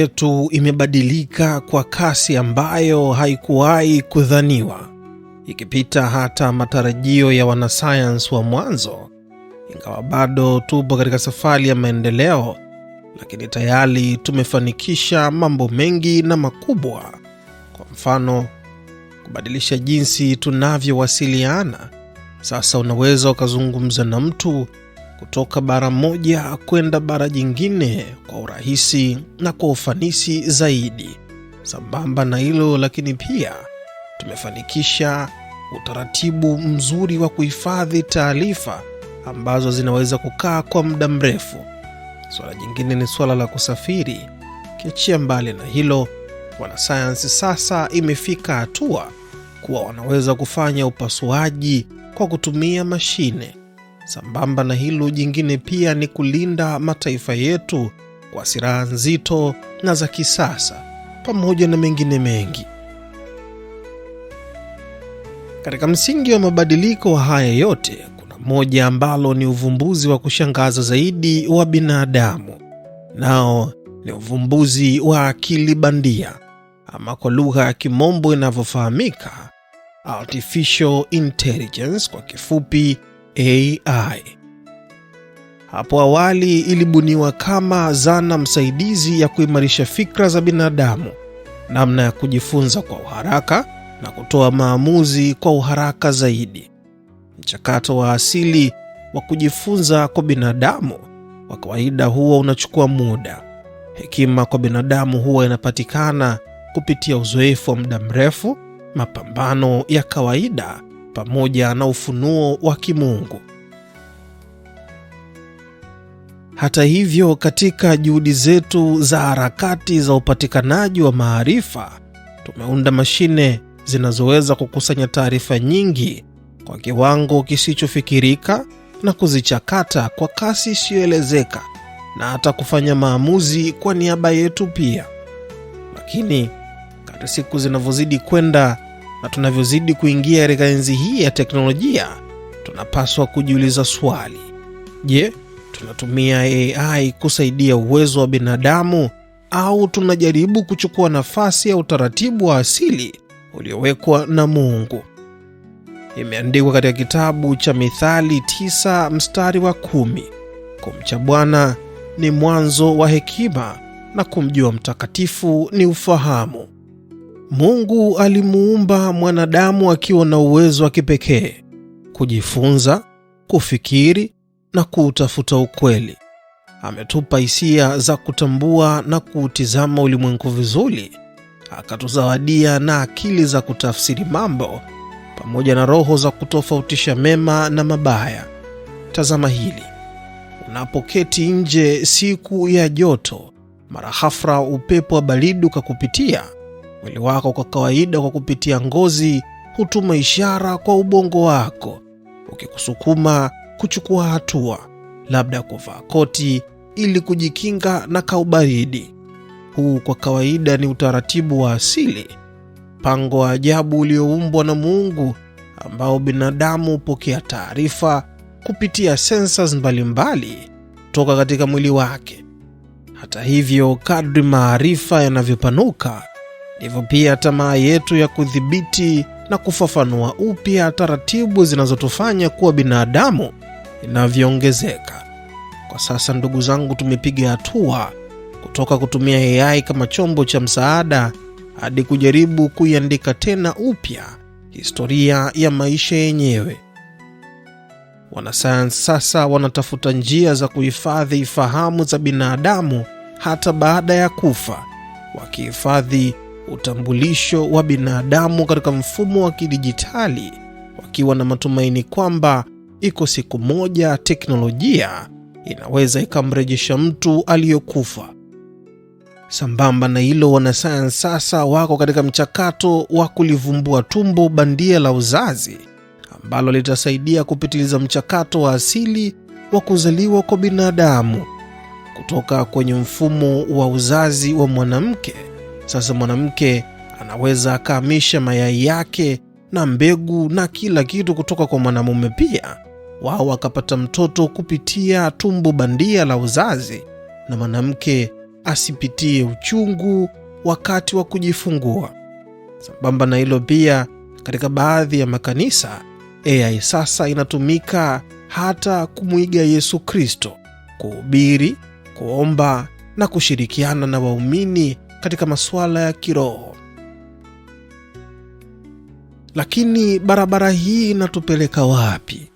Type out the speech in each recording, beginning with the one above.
yetu imebadilika kwa kasi ambayo haikuwahi kudhaniwa, ikipita hata matarajio ya wanasayansi wa mwanzo. Ingawa bado tupo katika safari ya maendeleo, lakini tayari tumefanikisha mambo mengi na makubwa. Kwa mfano, kubadilisha jinsi tunavyowasiliana. Sasa unaweza ukazungumza na mtu kutoka bara moja kwenda bara jingine kwa urahisi na kwa ufanisi zaidi. Sambamba na hilo lakini pia tumefanikisha utaratibu mzuri wa kuhifadhi taarifa ambazo zinaweza kukaa kwa muda mrefu. Suala jingine ni suala la kusafiri. Kiachia mbali na hilo, wanasayansi sasa imefika hatua kuwa wanaweza kufanya upasuaji kwa kutumia mashine Sambamba na hilo jingine pia ni kulinda mataifa yetu kwa silaha nzito na za kisasa pamoja na mengine mengi. Katika msingi wa mabadiliko haya yote, kuna moja ambalo ni uvumbuzi wa kushangaza zaidi wa binadamu, nao ni uvumbuzi wa akili bandia, ama kwa lugha ya kimombo inavyofahamika artificial intelligence kwa kifupi AI. Hapo awali ilibuniwa kama zana msaidizi ya kuimarisha fikra za binadamu, namna ya kujifunza kwa uharaka na kutoa maamuzi kwa uharaka zaidi. Mchakato wa asili wa kujifunza kwa binadamu kwa kawaida huwa unachukua muda. Hekima kwa binadamu huwa inapatikana kupitia uzoefu wa muda mrefu, mapambano ya kawaida pamoja na ufunuo wa kimungu. Hata hivyo, katika juhudi zetu za harakati za upatikanaji wa maarifa, tumeunda mashine zinazoweza kukusanya taarifa nyingi kwa kiwango kisichofikirika na kuzichakata kwa kasi isiyoelezeka na hata kufanya maamuzi kwa niaba yetu pia. Lakini kadri siku zinavyozidi kwenda na tunavyozidi kuingia katika enzi hii ya teknolojia, tunapaswa kujiuliza swali: je, tunatumia AI kusaidia uwezo wa binadamu au tunajaribu kuchukua nafasi ya utaratibu wa asili uliowekwa na Mungu? Imeandikwa katika kitabu cha Mithali tisa mstari wa kumi. Kumcha Bwana ni mwanzo wa hekima na kumjua mtakatifu ni ufahamu. Mungu alimuumba mwanadamu akiwa na uwezo wa kipekee kujifunza, kufikiri na kuutafuta ukweli. Ametupa hisia za kutambua na kuutizama ulimwengu vizuri, akatuzawadia na akili za kutafsiri mambo pamoja na roho za kutofautisha mema na mabaya. Tazama hili: unapoketi nje siku ya joto, mara ghafla upepo wa baridi ukakupitia Mwili wako kwa kawaida, kwa kupitia ngozi, hutuma ishara kwa ubongo wako ukikusukuma kuchukua hatua, labda kuvaa koti ili kujikinga na kaubaridi. Huu kwa kawaida ni utaratibu wa asili, mpango wa ajabu ulioumbwa na Mungu, ambao binadamu hupokea taarifa kupitia sensa mbalimbali kutoka katika mwili wake. Hata hivyo, kadri maarifa yanavyopanuka, ndivyo pia tamaa yetu ya kudhibiti na kufafanua upya taratibu zinazotufanya kuwa binadamu inavyoongezeka. Kwa sasa, ndugu zangu, tumepiga hatua kutoka kutumia AI kama chombo cha msaada hadi kujaribu kuiandika tena upya historia ya maisha yenyewe. Wanasayansi sasa wanatafuta njia za kuhifadhi fahamu za binadamu hata baada ya kufa, wakihifadhi utambulisho wa binadamu katika mfumo wa kidijitali, wakiwa na matumaini kwamba iko siku moja teknolojia inaweza ikamrejesha mtu aliyokufa. Sambamba na hilo, wanasayansi sasa wako katika mchakato wa kulivumbua tumbo bandia la uzazi ambalo litasaidia kupitiliza mchakato wa asili wa kuzaliwa kwa binadamu kutoka kwenye mfumo wa uzazi wa mwanamke sasa mwanamke anaweza akahamisha mayai yake na mbegu na kila kitu kutoka kwa mwanamume pia, wao akapata mtoto kupitia tumbo bandia la uzazi, na mwanamke asipitie uchungu wakati wa kujifungua. Sambamba na hilo pia, katika baadhi ya makanisa AI sasa inatumika hata kumwiga Yesu Kristo kuhubiri, kuomba na kushirikiana na waumini katika masuala ya kiroho. Lakini barabara hii inatupeleka wapi?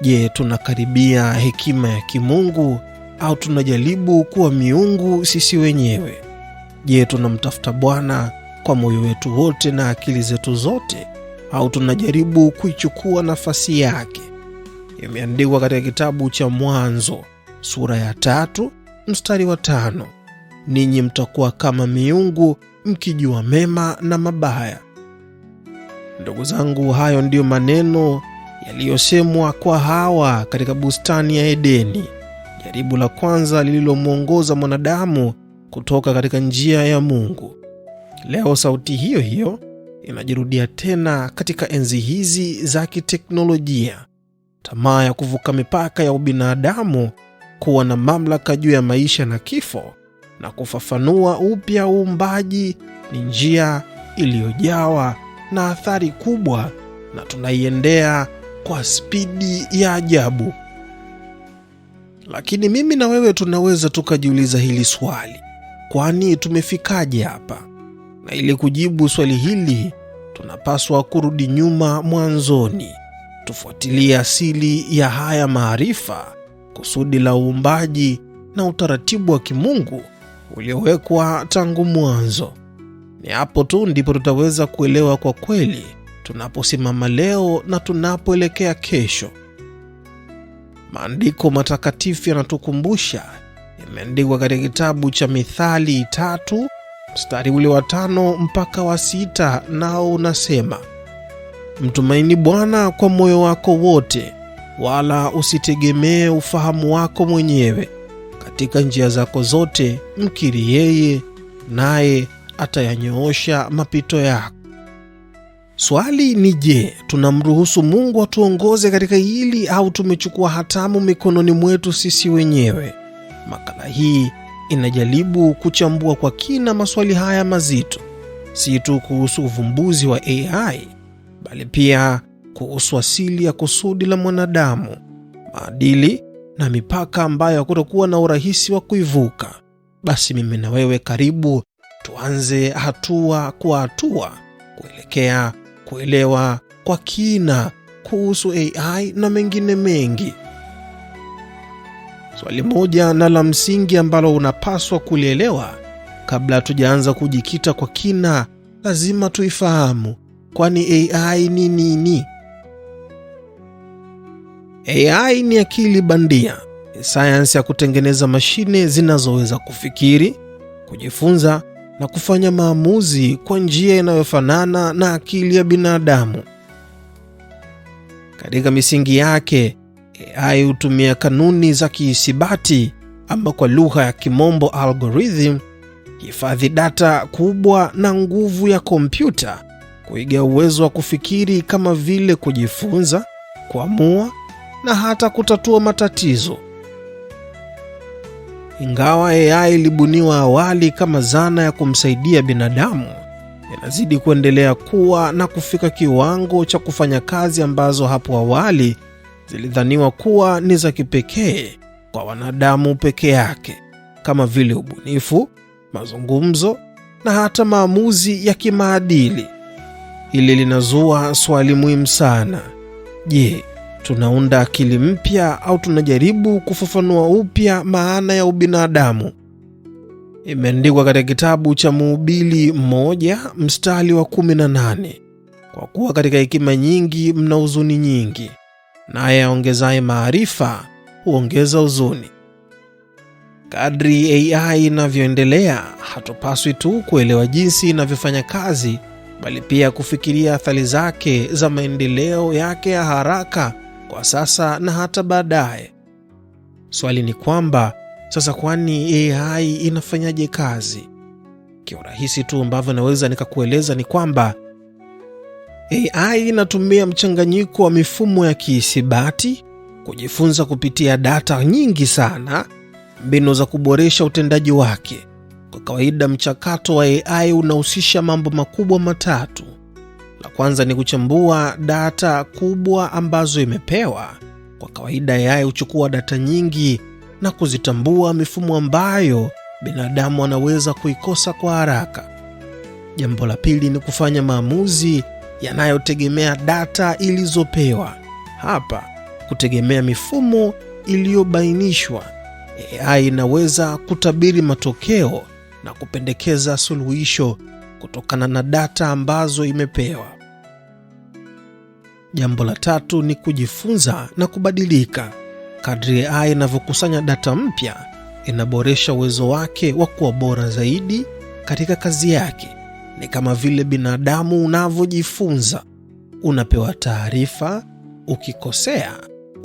Je, tunakaribia hekima ya kimungu au tunajaribu kuwa miungu sisi wenyewe? Je, tunamtafuta Bwana kwa moyo wetu wote na akili zetu zote au tunajaribu kuichukua nafasi yake? Imeandikwa katika kitabu cha Mwanzo sura ya tatu mstari wa tano ninyi mtakuwa kama miungu mkijua mema na mabaya. Ndugu zangu, hayo ndiyo maneno yaliyosemwa kwa Hawa katika bustani ya Edeni, jaribu la kwanza lililomwongoza mwanadamu kutoka katika njia ya Mungu. Leo sauti hiyo hiyo inajirudia tena katika enzi hizi za kiteknolojia. Tamaa ya kuvuka mipaka ya ubinadamu, kuwa na mamlaka juu ya maisha na kifo, na kufafanua upya uumbaji ni njia iliyojawa na athari kubwa, na tunaiendea kwa spidi ya ajabu. Lakini mimi na wewe tunaweza tukajiuliza hili swali, kwani tumefikaje hapa? Na ili kujibu swali hili, tunapaswa kurudi nyuma mwanzoni, tufuatilie asili ya haya maarifa, kusudi la uumbaji na utaratibu wa kimungu uliowekwa tangu mwanzo. Ni hapo tu ndipo tutaweza kuelewa kwa kweli tunaposimama leo na tunapoelekea kesho. Maandiko matakatifu yanatukumbusha, imeandikwa katika kitabu cha Mithali tatu mstari ule wa tano mpaka wa sita, nao unasema mtumaini Bwana kwa moyo wako wote, wala usitegemee ufahamu wako mwenyewe katika njia zako zote mkiri yeye, naye atayanyoosha mapito yako. Swali ni je, tunamruhusu Mungu atuongoze katika hili au tumechukua hatamu mikononi mwetu sisi wenyewe? Makala hii inajaribu kuchambua kwa kina maswali haya mazito, si tu kuhusu uvumbuzi wa AI bali pia kuhusu asili ya kusudi la mwanadamu, maadili na mipaka ambayo hakutakuwa na urahisi wa kuivuka. Basi mimi na wewe karibu tuanze hatua kwa hatua kuelekea kuelewa kwa kina kuhusu AI na mengine mengi. Swali moja na la msingi ambalo unapaswa kulielewa kabla hatujaanza kujikita kwa kina, lazima tuifahamu, kwani AI ni nini? AI ni akili bandia, sayansi ya kutengeneza mashine zinazoweza kufikiri, kujifunza na kufanya maamuzi kwa njia inayofanana na akili ya binadamu. Katika misingi yake, AI hutumia kanuni za kihisabati ama kwa lugha ya kimombo algorithm, hifadhi data kubwa na nguvu ya kompyuta kuiga uwezo wa kufikiri kama vile kujifunza, kuamua na hata kutatua matatizo. Ingawa AI ilibuniwa awali kama zana ya kumsaidia binadamu, inazidi kuendelea kuwa na kufika kiwango cha kufanya kazi ambazo hapo awali zilidhaniwa kuwa ni za kipekee kwa wanadamu peke yake, kama vile ubunifu, mazungumzo na hata maamuzi ya kimaadili. Hili linazua swali muhimu sana. Je, tunaunda akili mpya au tunajaribu kufafanua upya maana ya ubinadamu. Imeandikwa katika kitabu cha Mhubiri mmoja mstari wa 18, kwa kuwa katika hekima nyingi mna huzuni nyingi, naye aongezaye maarifa huongeza huzuni. Kadri AI inavyoendelea, hatupaswi tu kuelewa jinsi inavyofanya kazi, bali pia kufikiria athari zake za maendeleo yake ya haraka kwa sasa na hata baadaye. Swali ni kwamba sasa, kwani AI inafanyaje kazi? Kiurahisi tu ambavyo naweza nikakueleza ni kwamba AI inatumia mchanganyiko wa mifumo ya kihisabati, kujifunza kupitia data nyingi sana, mbinu za kuboresha utendaji wake. Kwa kawaida mchakato wa AI unahusisha mambo makubwa matatu. La kwanza ni kuchambua data kubwa ambazo imepewa. Kwa kawaida, AI huchukua data nyingi na kuzitambua mifumo ambayo binadamu anaweza kuikosa kwa haraka. Jambo la pili ni kufanya maamuzi yanayotegemea data ilizopewa. Hapa kutegemea mifumo iliyobainishwa, AI inaweza kutabiri matokeo na kupendekeza suluhisho kutokana na data ambazo imepewa. Jambo la tatu ni kujifunza na kubadilika. Kadri AI inavyokusanya data mpya, inaboresha uwezo wake wa kuwa bora zaidi katika kazi yake. Ni kama vile binadamu unavyojifunza, unapewa taarifa, ukikosea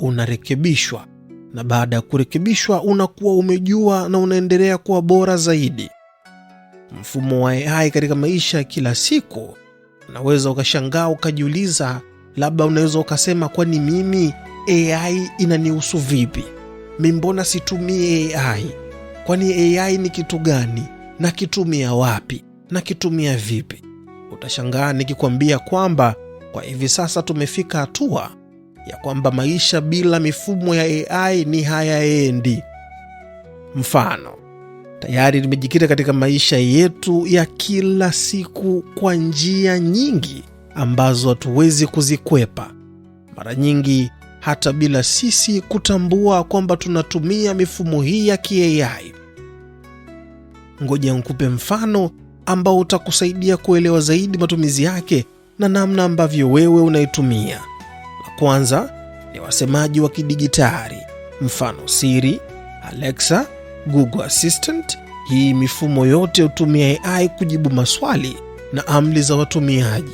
unarekebishwa, na baada ya kurekebishwa unakuwa umejua na unaendelea kuwa bora zaidi. Mfumo wa AI katika maisha ya kila siku, unaweza ukashangaa ukajiuliza Labda unaweza ukasema, kwani mimi AI inanihusu vipi? Mi mbona situmie AI? Kwani AI ni kitu gani? Nakitumia wapi? Nakitumia vipi? Utashangaa nikikwambia kwamba kwa hivi sasa tumefika hatua ya kwamba maisha bila mifumo ya AI ni hayaendi. Mfano, tayari tumejikita katika maisha yetu ya kila siku kwa njia nyingi ambazo hatuwezi kuzikwepa, mara nyingi hata bila sisi kutambua kwamba tunatumia mifumo hii ya kiai. Ngoja nikupe mfano ambao utakusaidia kuelewa zaidi matumizi yake na namna ambavyo wewe unaitumia. La kwanza ni wasemaji wa kidijitali, mfano Siri, Alexa, Google Assistant. Hii mifumo yote hutumia AI kujibu maswali na amri za watumiaji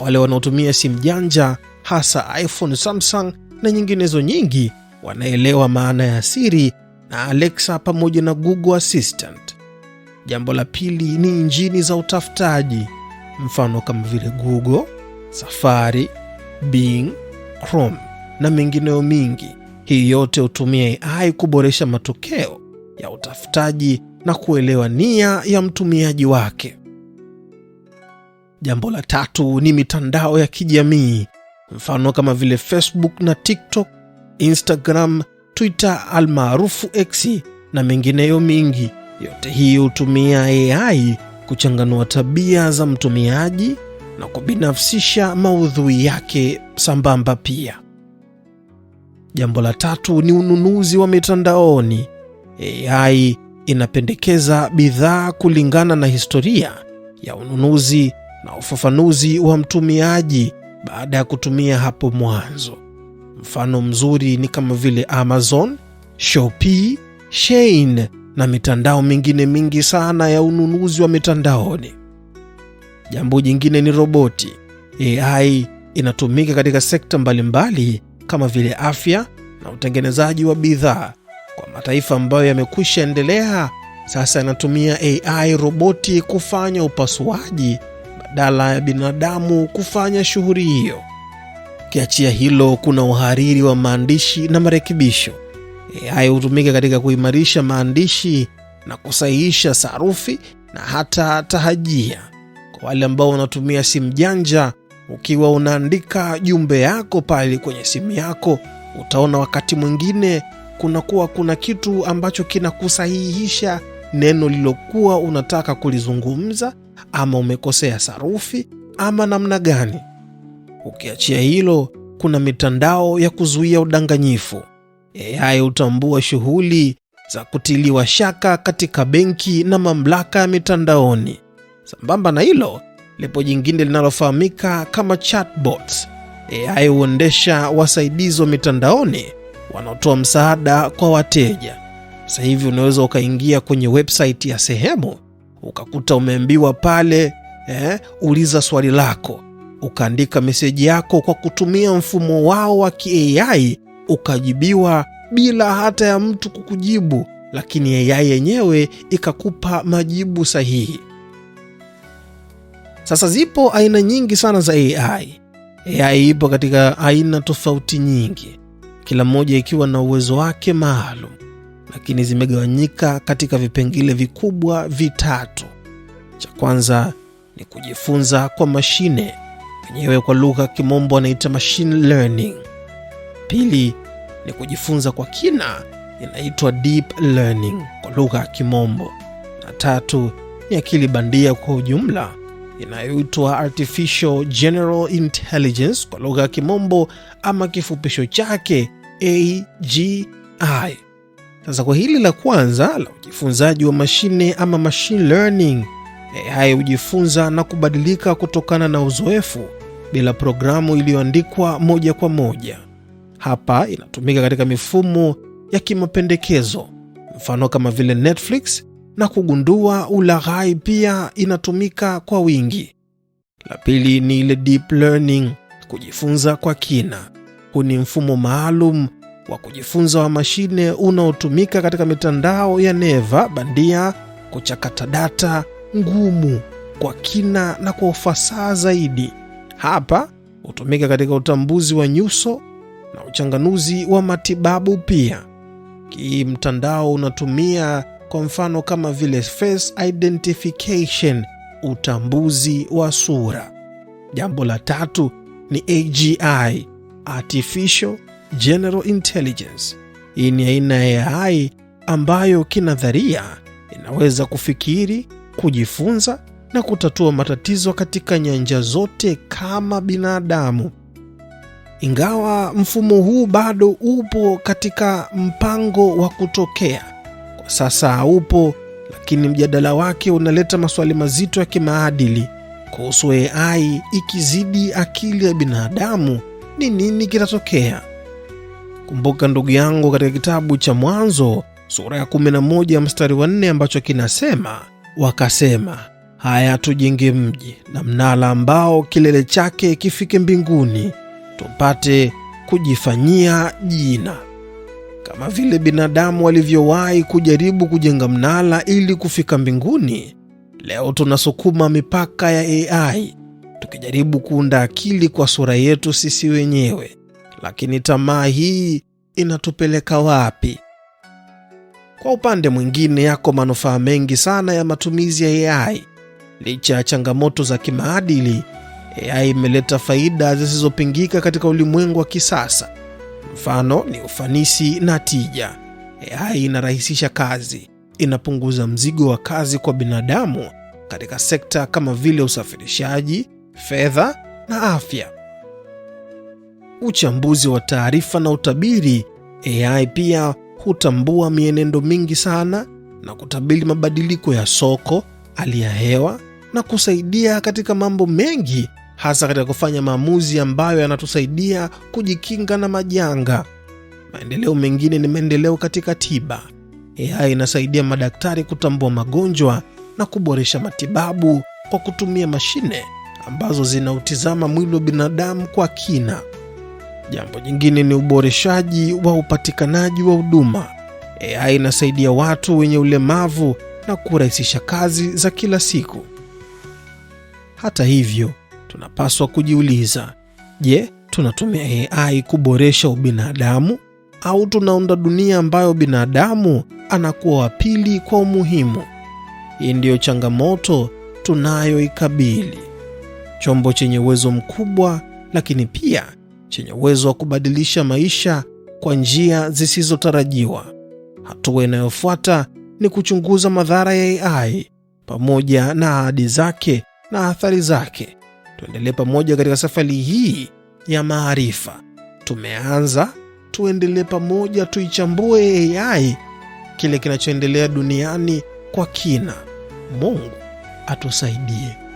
wale wanaotumia simu janja hasa iPhone, Samsung na nyinginezo nyingi wanaelewa maana ya siri na Alexa pamoja na Google Assistant. Jambo la pili ni injini za utafutaji, mfano kama vile Google, Safari, Bing, Chrome na mengineyo mingi. Hii yote hutumia AI kuboresha matokeo ya utafutaji na kuelewa nia ya mtumiaji wake. Jambo la tatu ni mitandao ya kijamii, mfano kama vile Facebook na TikTok, Instagram, Twitter almaarufu X na mengineyo mingi. Yote hii hutumia AI kuchanganua tabia za mtumiaji na kubinafsisha maudhui yake sambamba pia. Jambo la tatu ni ununuzi wa mitandaoni. AI inapendekeza bidhaa kulingana na historia ya ununuzi na ufafanuzi wa mtumiaji baada ya kutumia hapo mwanzo. Mfano mzuri ni kama vile Amazon, Shopee, Shein na mitandao mingine mingi sana ya ununuzi wa mitandaoni. Jambo jingine ni roboti. AI inatumika katika sekta mbalimbali kama vile afya na utengenezaji wa bidhaa. Kwa mataifa ambayo yamekwisha endelea, sasa yanatumia AI roboti kufanya upasuaji badala ya binadamu kufanya shughuli hiyo. Ukiachia hilo, kuna uhariri wa maandishi na marekebisho. Hayo hutumika katika kuimarisha maandishi na kusahihisha sarufi na hata tahajia. Kwa wale ambao wanatumia simu janja, ukiwa unaandika jumbe yako pale kwenye simu yako, utaona wakati mwingine kunakuwa kuna kitu ambacho kinakusahihisha neno lilokuwa unataka kulizungumza ama umekosea sarufi ama namna gani. Ukiachia hilo, kuna mitandao ya kuzuia udanganyifu. AI hutambua shughuli za kutiliwa shaka katika benki na mamlaka ya mitandaoni. Sambamba na hilo, lipo jingine linalofahamika kama chatbots. AI huendesha wasaidizi wa mitandaoni wanaotoa msaada kwa wateja. Sasa hivi unaweza ukaingia kwenye website ya sehemu ukakuta umeambiwa pale eh, uliza swali lako, ukaandika meseji yako kwa kutumia mfumo wao wa kiai, ukajibiwa bila hata ya mtu kukujibu, lakini AI yenyewe ikakupa majibu sahihi. Sasa zipo aina nyingi sana za AI. AI ipo katika aina tofauti nyingi, kila moja ikiwa na uwezo wake maalum lakini zimegawanyika katika vipengele vikubwa vitatu. Cha kwanza ni kujifunza kwa mashine, wenyewe kwa lugha ya Kimombo wanaita machine learning. Pili ni kujifunza kwa kina, inaitwa deep learning kwa lugha ya Kimombo, na tatu ni akili bandia kwa ujumla inayoitwa artificial general intelligence kwa lugha ya Kimombo, ama kifupisho chake AGI. Sasa kwa hili la kwanza la ujifunzaji wa mashine ama machine learning, eh, AI hujifunza na kubadilika kutokana na uzoefu bila programu iliyoandikwa moja kwa moja. Hapa inatumika katika mifumo ya kimapendekezo, mfano kama vile Netflix na kugundua ulaghai pia inatumika kwa wingi. La pili ni ile deep learning, kujifunza kwa kina. Huu ni mfumo maalum wa kujifunza wa mashine unaotumika katika mitandao ya neva bandia kuchakata data ngumu kwa kina na kwa ufasaha zaidi. Hapa hutumika katika utambuzi wa nyuso na uchanganuzi wa matibabu pia. kii mtandao unatumia kwa mfano kama vile face identification, utambuzi wa sura. Jambo la tatu ni AGI, artificial general intelligence. Hii ni aina ya AI ambayo kinadharia inaweza kufikiri, kujifunza na kutatua matatizo katika nyanja zote kama binadamu. Ingawa mfumo huu bado upo katika mpango wa kutokea, kwa sasa haupo, lakini mjadala wake unaleta maswali mazito ya kimaadili kuhusu AI ikizidi akili ya binadamu, ni nini kitatokea? Kumbuka ndugu yangu, katika kitabu cha Mwanzo sura ya 11 mstari wa 4 ambacho kinasema, wakasema haya, tujenge mji na mnala ambao kilele chake kifike mbinguni, tupate kujifanyia jina. Kama vile binadamu walivyowahi kujaribu kujenga mnala ili kufika mbinguni, leo tunasukuma mipaka ya AI tukijaribu kuunda akili kwa sura yetu sisi wenyewe lakini tamaa hii inatupeleka wapi? Kwa upande mwingine, yako manufaa mengi sana ya matumizi ya AI. Licha ya changamoto za kimaadili, AI imeleta faida zisizopingika katika ulimwengu wa kisasa. Mfano ni ufanisi na tija. AI inarahisisha kazi, inapunguza mzigo wa kazi kwa binadamu katika sekta kama vile usafirishaji, fedha na afya uchambuzi wa taarifa na utabiri. AI pia hutambua mienendo mingi sana na kutabiri mabadiliko ya soko, hali ya hewa na kusaidia katika mambo mengi, hasa katika kufanya maamuzi ambayo yanatusaidia kujikinga na majanga. Maendeleo mengine ni maendeleo katika tiba. AI inasaidia madaktari kutambua magonjwa na kuboresha matibabu kwa kutumia mashine ambazo zinautizama mwili wa binadamu kwa kina. Jambo jingine ni uboreshaji wa upatikanaji wa huduma. AI inasaidia watu wenye ulemavu na kurahisisha kazi za kila siku. Hata hivyo, tunapaswa kujiuliza, je, tunatumia AI kuboresha ubinadamu au tunaunda dunia ambayo binadamu anakuwa wa pili kwa umuhimu? Hii ndiyo changamoto tunayoikabili. Chombo chenye uwezo mkubwa, lakini pia chenye uwezo wa kubadilisha maisha kwa njia zisizotarajiwa. Hatua inayofuata ni kuchunguza madhara ya AI pamoja na ahadi zake na athari zake. Tuendelee pamoja katika safari hii ya maarifa. Tumeanza, tuendelee pamoja, tuichambue AI, kile kinachoendelea duniani kwa kina. Mungu atusaidie.